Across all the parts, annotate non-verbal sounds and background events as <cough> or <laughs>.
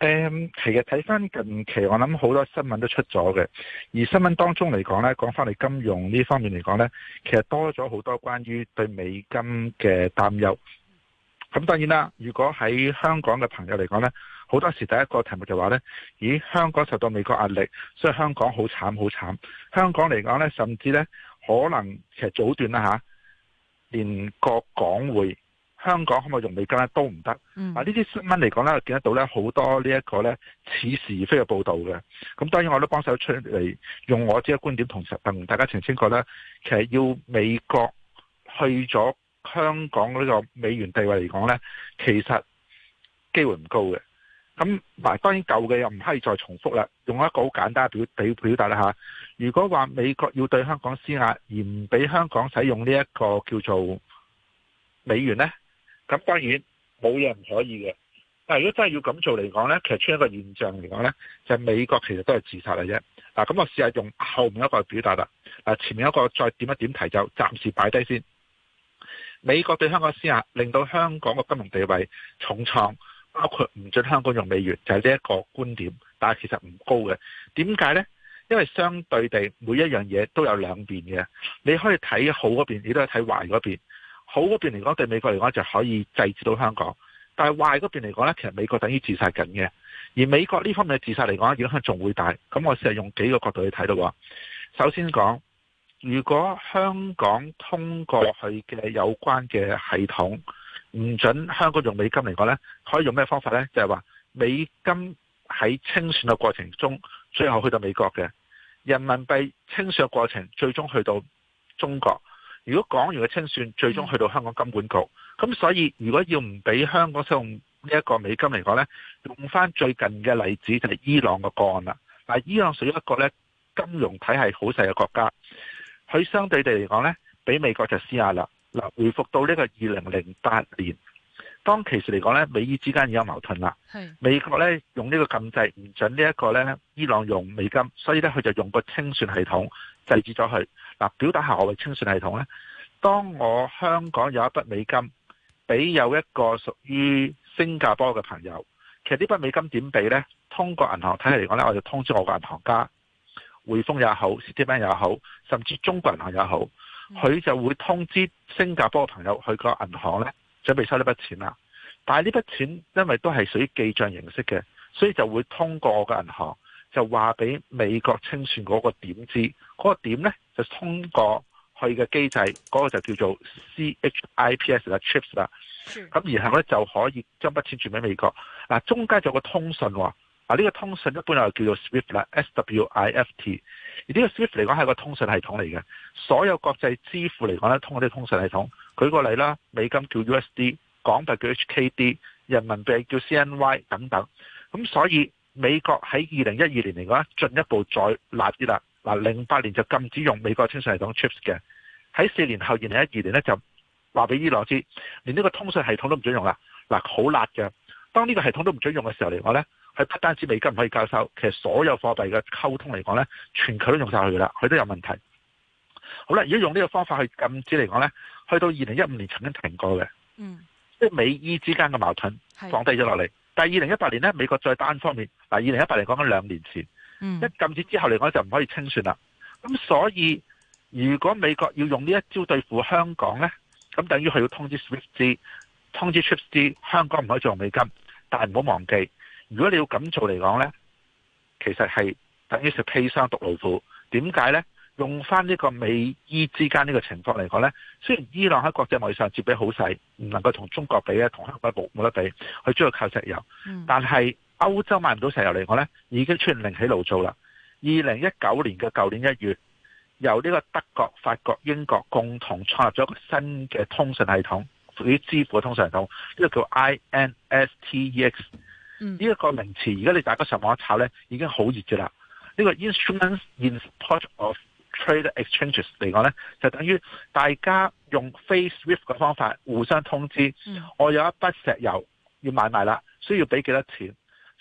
誒、嗯，其實睇翻近期，我諗好多新聞都出咗嘅。而新聞當中嚟講呢，講翻嚟金融呢方面嚟講呢，其實多咗好多關於對美金嘅擔憂。咁當然啦，如果喺香港嘅朋友嚟講呢，好多時第一個題目就話呢，咦，香港受到美國壓力，所以香港好慘好慘。香港嚟講呢，甚至呢，可能其實早段啦，吓、啊，連各港會。香港可唔可以用美金咧？都唔得。啊、嗯，呢啲新聞嚟講咧，見得到咧好多呢一個咧似是而非嘅報導嘅。咁當然我都幫手出嚟用我自己嘅觀點同實大家澄清過咧。其實要美國去咗香港呢個美元地位嚟講咧，其實機會唔高嘅。咁嗱，當然舊嘅又唔可以再重複啦。用一個好簡單嘅表表表達啦嚇。如果話美國要對香港施壓，而唔俾香港使用呢一個叫做美元咧？咁當然冇嘢唔可以嘅，但係如果真係要咁做嚟講呢，其實出一個現象嚟講呢，就係美國其實都係自殺嚟啫。嗱，咁我試下用後面一個嚟表達啦。嗱，前面一個再點一點提就暫時擺低先。美國對香港施壓，令到香港嘅金融地位重創，包括唔准香港用美元，就係呢一個觀點。但係其實唔高嘅，點解呢？因為相對地，每一樣嘢都有兩邊嘅，你可以睇好嗰邊，你都係睇壞嗰邊。好嗰邊嚟講，對美國嚟講就可以制止到香港，但係壞嗰邊嚟講呢，其實美國等於自殺緊嘅。而美國呢方面嘅自殺嚟講，影響仲會大。咁我試下用幾個角度去睇到。首先講，如果香港通過佢嘅有關嘅系統，唔准香港用美金嚟講呢，可以用咩方法呢？就係話美金喺清算嘅過程中，最後去到美國嘅人民幣清算嘅過程，最終去到中國。如果講完嘅清算最終去到香港金管局，咁、嗯、所以如果要唔俾香港使用呢一個美金嚟講呢用翻最近嘅例子就係伊朗個個案啦。嗱，伊朗屬於一個呢金融體係好細嘅國家，佢相對地嚟講呢俾美國就施壓啦。嗱，回復到呢個二零零八年，當其時嚟講呢美伊之間已經有矛盾啦。美國呢用呢個禁制唔準呢一個呢伊朗用美金，所以呢，佢就用個清算系統。制止咗佢。嗱，表達下我嘅清算系統咧，當我香港有一筆美金俾有一個屬於新加坡嘅朋友，其實呢筆美金點俾咧？通過銀行睇嚟講咧，我就通知我嘅銀行家，匯豐也好，Citibank 也好，甚至中國銀行也好，佢就會通知新加坡嘅朋友去個銀行咧，準備收呢筆錢啦。但係呢筆錢因為都係屬於記賬形式嘅，所以就會通過我嘅銀行。就話俾美國清算嗰個點知，嗰個點呢就通過佢嘅機制，嗰個就叫做 C H I P S 啦，chips 啦、嗯。咁然後呢就可以將筆錢轉俾美國。嗱、啊，中間就有個通訊喎。嗱、啊，呢、這個通訊一般就叫做 Swift 啦，S W I F T。而呢個 Swift 嚟講係個通訊系統嚟嘅。所有國際支付嚟講呢通過嗰啲通訊系統。舉個例啦，美金叫 USD，港幣叫 HKD，人民幣叫 CNY 等等。咁所以。美國喺二零一二年嚟講，進一步再辣啲啦。嗱，零八年就禁止用美國的清信系統 CHIPS 嘅，喺四年後二零一二年呢就話俾伊朗知，連呢個通訊系統都唔准用啦。嗱、啊,好辣嘅。當呢個系統都唔准用嘅時候嚟講呢,係不單止美金唔可以交收,其實所有貨幣嘅溝通嚟講呢,全球都用晒佢啦,佢都有問題。好啦,如果用呢個方法去禁止嚟講呢,去到二零一五年曾經停過嘅,即、嗯、係美伊之間嘅矛盾放低咗落嚟。但係二零一八年咧，美國再單方面嗱，二零一八年講緊兩年前、嗯，一禁止之後嚟講就唔可以清算啦。咁所以如果美國要用呢一招對付香港咧，咁等於佢要通知 SWIFT 通知 CHIPS，香港唔可以再用美金。但係唔好忘記，如果你要咁做嚟講咧，其實係等於是披上毒老虎。點解咧？用翻呢個美伊之間呢個情況嚟講呢，雖然伊朗喺國際貿易上接比好細，唔能夠同中國比咧，同香港冇冇得比，佢主要靠石油。但係歐洲買唔到石油嚟講呢，已經出現另起爐灶啦。二零一九年嘅舊年一月，由呢個德國、法國、英國共同創立咗一個新嘅通訊系統，屬於支付嘅通訊系統，呢個叫 INSTEX。呢一個名詞，而家你大家上網一炒呢，已經好熱嘅啦。呢個 instrument in support of Trade exchanges 嚟講呢，就等於大家用 face swap 嘅方法互相通知，mm. 我有一筆石油要買賣啦，需要俾幾多錢？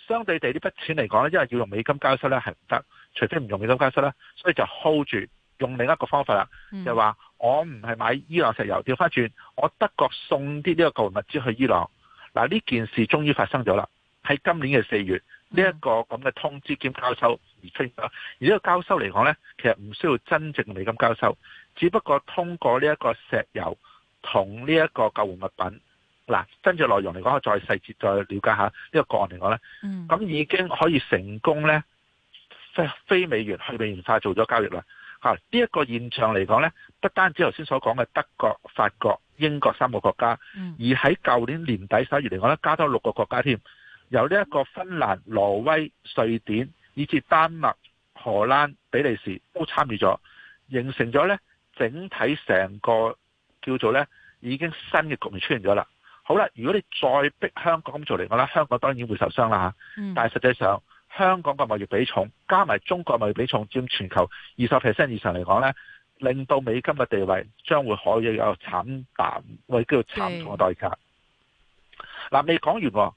相對地呢筆錢嚟講呢，因為要用美金交收呢係唔得，除非唔用美金交收呢，所以就 hold 住用另一個方法啦，mm. 就話我唔係買伊朗石油，調翻轉我德國送啲呢個購物資去伊朗。嗱呢件事終於發生咗啦，喺今年嘅四月，呢、mm. 一個咁嘅通知兼交收。而呢個交收嚟講呢，其實唔需要真正美金交收，只不過通過呢一個石油同呢一個救援物品。嗱，真正內容嚟講，我再細節再了解下呢個個案嚟講呢，嗯，咁已經可以成功呢，非非美元去美元化做咗交易啦。吓、啊、呢、這、一個現象嚟講呢，不單止頭先所講嘅德國、法國、英國三個國家，嗯、而喺舊年年底首月嚟講呢，加多六個國家添，由呢一個芬蘭、挪威、瑞典。以至丹麥、荷蘭、比利時都參與咗，形成咗呢整體成個叫做呢已經新嘅局面出現咗啦。好啦，如果你再逼香港咁做嚟講呢，香港當然會受傷啦吓、嗯、但係實際上，香港嘅貿易比重加埋中國貿易比重佔全球二十 percent 以上嚟講呢，令到美金嘅地位將會可以有慘淡，或者叫慘重嘅代價。嗱，未講完喎。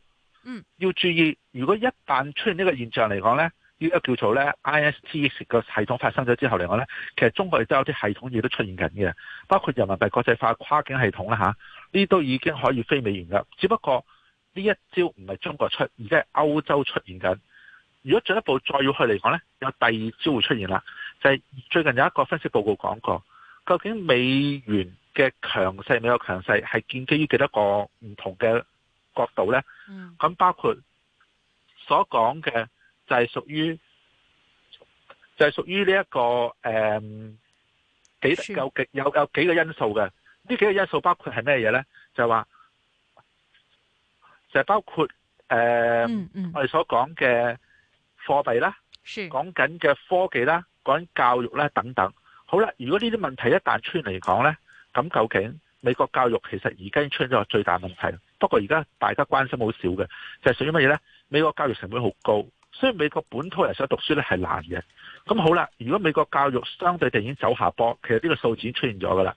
要注意，如果一旦出現呢個現象嚟講呢。呢個叫做咧，IST 個系統發生咗之後嚟講咧，其實中國亦都有啲系統亦都出現緊嘅，包括人民幣國際化跨境系統啦嚇，呢、啊、都已經可以非美元噶。只不過呢一招唔係中國出，而係歐洲出現緊。如果進一步再要去嚟講咧，有第二招會出現啦，就係、是、最近有一個分析報告講過，究竟美元嘅強勢、美國強勢係建基於幾多個唔同嘅角度咧？咁、嗯、包括所講嘅。就係屬於，就係屬於呢一個誒，幾有幾有，有幾個因素嘅。呢幾個因素包括係咩嘢咧？就係話就係包括誒，我哋所講嘅貨幣啦，講緊嘅科技啦，講緊教育啦等等。好啦，如果呢啲問題一旦出現嚟講咧，咁究竟美國教育其實而家出現咗個最大問題。不過而家大家關心好少嘅，就係屬於乜嘢咧？美國教育成本好高。所以美國本土人想讀書咧係難嘅，咁好啦。如果美國教育相對地已經走下坡，其實呢個數字已經出現咗噶啦。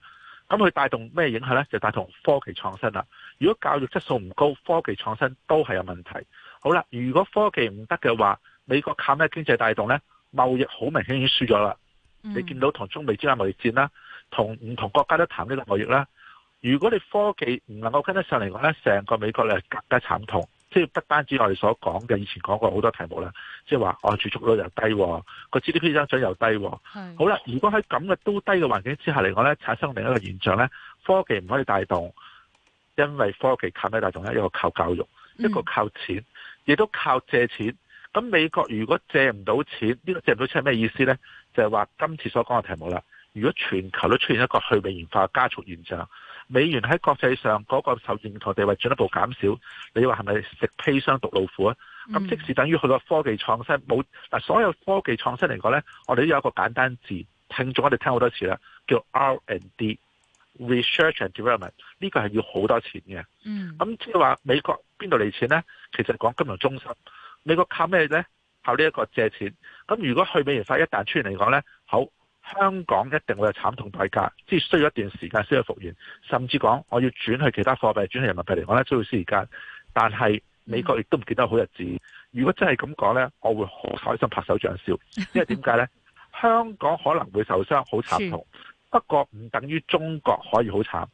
咁佢帶動咩影響咧？就帶動科技創新啦。如果教育質素唔高，科技創新都係有問題。好啦，如果科技唔得嘅話，美國靠咩經濟帶動咧？貿易好明顯已經輸咗啦。你見到同中美之間貿易戰啦，同唔同國家都談呢個貿易啦。如果你科技唔能夠跟得上嚟講咧，成個美國咧更加慘痛。即係不單止我哋所講嘅，以前講過好多題目啦。即係話，我儲蓄率又低，個 GDP 增長又低。係。好啦，如果喺咁嘅都低嘅環境之下嚟講咧，產生另一個現象咧，科技唔可以帶動，因為科技靠咩帶動咧，一個靠教育，一個靠錢，亦、嗯、都靠借錢。咁美國如果借唔到錢，呢、這個借唔到錢係咩意思咧？就係、是、話今次所講嘅題目啦。如果全球都出現一個去美元化加速現象。美元喺國際上嗰個受認同地位進一步減少，你話係咪食砒霜毒老虎啊？咁即使等於好多科技創新冇嗱，所有科技創新嚟講咧，我哋都有一個簡單字，聽眾我哋聽好多次啦，叫 R and D，Research and Development，呢個係要好多錢嘅。嗯。咁即係話美國邊度嚟錢咧？其實講金融中心，美國靠咩咧？靠呢一個借錢。咁如果去美元化，一旦出現嚟講咧，好。香港一定會有慘痛代價，即係需要一段時間先去復原，甚至講我要轉去其他貨幣，轉去人民幣嚟講咧需要時間。但係美國亦都唔見得好日子。如果真係咁講呢，我會好開心拍手掌笑，因為點解呢？ <laughs> 香港可能會受傷好慘痛，不過唔等於中國可以好慘，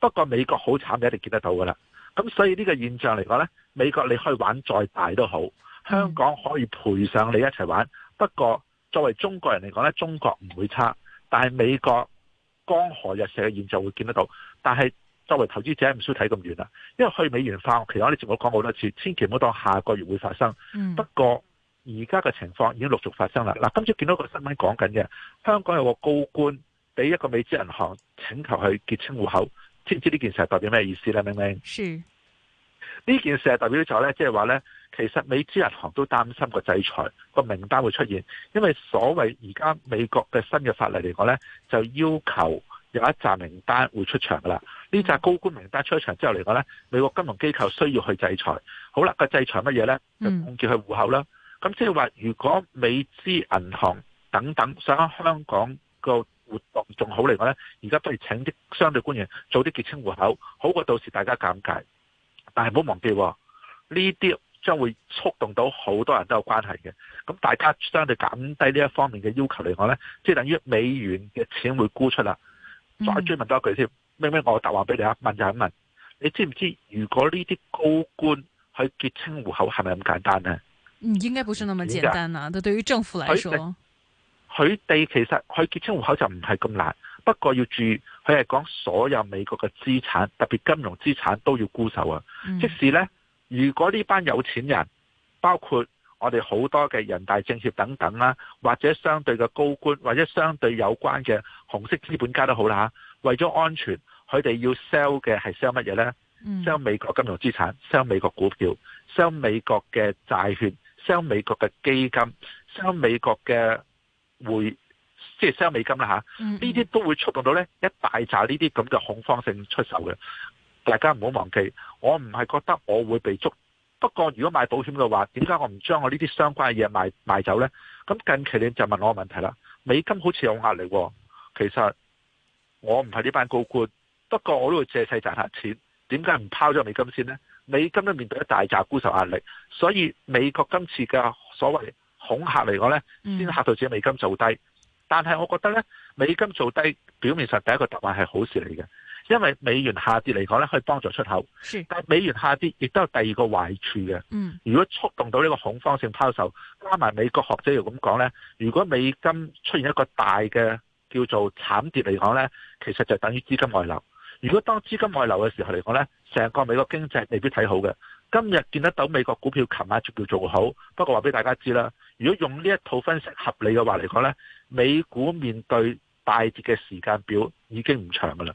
不過美國好慘你一定見得到噶啦。咁所以呢個現象嚟講呢，美國你可以玩再大都好，香港可以陪上你一齊玩，不過。作為中國人嚟講咧，中國唔會差，但係美國江河日下嘅現象會見得到。但係作為投資者唔需要睇咁遠啦，因為去美元化，其實我哋節目講好多次，千祈唔好當下個月會發生。嗯、不過而家嘅情況已經陸續發生啦。嗱，今朝見到一個新聞講緊嘅，香港有個高官俾一個美資銀行請求去結清戶口，知唔知呢件事係代表咩意思咧？明唔明？呢件事係代表咗咧，即係話咧。其實美資銀行都擔心個制裁個名單會出現，因為所謂而家美國嘅新嘅法例嚟講呢，就要求有一紮名單會出場噶啦。呢紮高官名單出場之後嚟講呢，美國金融機構需要去制裁好。好啦，個制裁乜嘢呢？就換掉佢戶口啦。咁即係話，就是、說如果美資銀行等等想喺香港個活動仲好嚟講呢，而家不如請啲相對官員早啲結清戶口，好過到時大家尷尬。但係唔好忘記呢啲。將會觸動到好多人都有關係嘅，咁大家相對減低呢一方面嘅要求嚟講呢，即係等於美元嘅錢會沽出啦。再追問多一句先，咩、嗯、咩？我答話俾你啊，問就問，你知唔知如果呢啲高官去結清戶口係咪咁簡單呢？應該唔係咁簡單啊，對於政府嚟講，佢哋其實去結清戶口就唔係咁難，不過要注意，佢係講所有美國嘅資產，特別金融資產都要沽手啊、嗯，即使呢。如果呢班有錢人，包括我哋好多嘅人大政協等等啦，或者相對嘅高官，或者相對有關嘅紅色資本家都好啦吓，為咗安全，佢哋要 sell 嘅係 sell 乜嘢咧？sell 美國金融資產，sell 美國股票，sell 美國嘅債券，sell 美國嘅基金，sell 美國嘅匯，即係 sell 美金啦吓，呢啲都會觸動到咧一大扎呢啲咁嘅恐慌性出手嘅。大家唔好忘記，我唔係覺得我會被捉，不過如果買保險嘅話，點解我唔將我呢啲相關嘅嘢賣賣走呢？咁近期你就問我個問題啦。美金好似有壓力哦，其實我唔係呢班高官，不過我都會借勢賺下錢。點解唔拋咗美金先呢？美金都面對一大紮沽售壓力，所以美國今次嘅所謂恐嚇嚟講呢，先嚇到自己美金做低。但係我覺得呢，美金做低表面上第一個答案係好事嚟嘅。因為美元下跌嚟講咧，可以幫助出口。但美元下跌亦都有第二個壞處嘅。如果觸動到呢個恐慌性拋售，加埋美國學者又咁講咧，如果美金出現一個大嘅叫做慘跌嚟講咧，其實就等於資金外流。如果當資金外流嘅時候嚟講咧，成個美國經濟未必睇好嘅。今日見得到美國股票，琴晚就叫做好。不過話俾大家知啦，如果用呢一套分析合理嘅話嚟講咧，美股面對大跌嘅時間表已經唔長噶啦。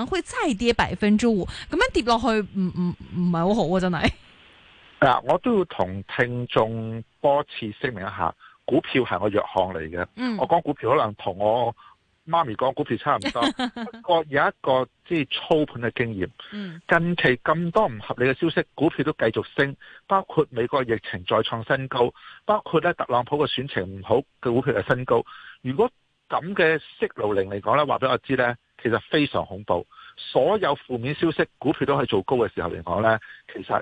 會再跌百分之五，咁樣跌落去唔唔唔係好好啊！真係嗱，我都要同聽眾多次聲明一下，股票係我弱項嚟嘅。我講股票可能同我媽咪講股票差唔多，不 <laughs> 過有一個即係操盤嘅經驗。近期咁多唔合理嘅消息，股票都繼續升，包括美國疫情再創新高，包括咧特朗普嘅選情唔好，嘅股票係新高。如果咁嘅息路令嚟講咧，話俾我知咧。其實非常恐怖，所有負面消息，股票都喺做高嘅時候嚟講呢，其實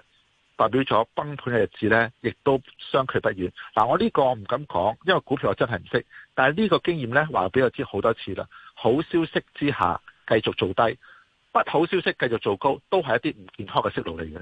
代表咗崩盤嘅日子呢，亦都相距不遠。嗱、啊，我呢個我唔敢講，因為股票我真係唔識，但係呢個經驗呢，話俾我知好多次啦。好消息之下繼續做低，不好消息繼續做高，都係一啲唔健康嘅思路嚟嘅。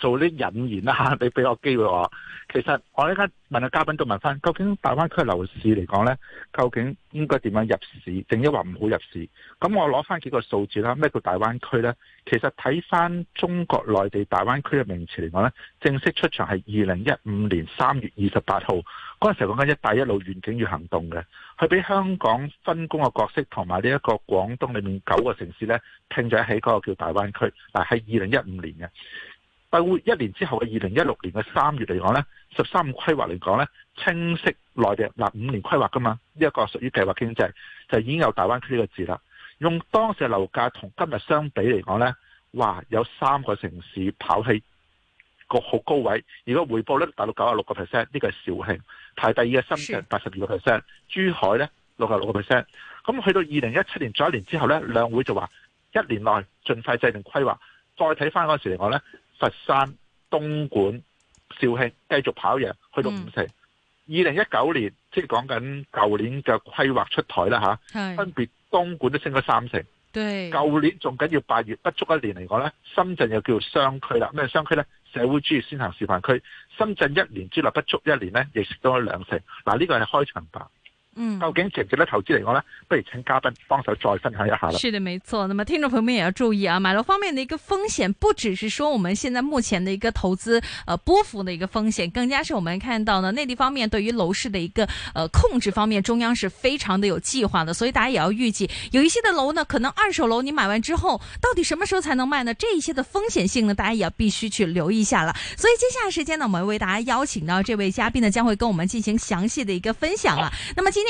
做啲引言啦、吓、你俾我機會我。其實我依家問下嘉賓下，都問翻究竟大灣區樓市嚟講呢，究竟應該點樣入市，定一話唔好入市？咁我攞翻幾個數字啦，咩叫大灣區呢？其實睇翻中國內地大灣區嘅名詞嚟講呢，正式出場係二零一五年三月二十八號，嗰陣時講緊一帶一路願景與行動嘅，佢俾香港分工嘅角色同埋呢一個廣東裏面九個城市呢，拼咗喺嗰個叫大灣區，嗱係二零一五年嘅。大會一年之後嘅二零一六年嘅三月嚟講呢，十三五規劃嚟講呢，清晰內地嗱五年規劃噶嘛，呢、這、一個屬於計劃經濟，就已經有大灣區呢個字啦。用當時嘅樓價同今日相比嚟講呢，哇，有三個城市跑起個好高位，如果回報率達到九十六個 percent，呢個係肇慶排第二嘅深圳八十二個 percent，珠海呢六十六個 percent。咁去到二零一七年再一年之後呢，兩會就話一年內盡快制定規劃。再睇翻嗰陣時嚟講咧，佛山、東莞、肇慶繼續跑贏，去到五成。二零一九年即係講緊舊年嘅規劃出台啦嚇，分別東莞都升咗三成。對，舊年仲緊要八月不足一年嚟講咧，深圳又叫做商區啦，咩商區咧？社會主義先行示範區，深圳一年之內不足一年咧，亦食到兩成。嗱，呢個係開場白。嗯，究竟值不值得投資嚟講呢，不如請嘉賓幫手再分享一下。是的，沒錯。那麼聽眾朋友也要注意啊，買樓方面的一個風險，不只是說我們現在目前的一個投資，呃，波幅的一個風險，更加是我們看到呢內地方面對於樓市的一個，呃，控制方面，中央是非常的有計劃的。所以大家也要預計，有一些的樓呢，可能二手樓你買完之後，到底什麼時候才能賣呢？這一些的風險性呢，大家也要必須去留意一下了。所以接下來時間呢，我們為大家邀請到這位嘉賓呢，將會跟我們進行詳細的一個分享了啊。那麼今天。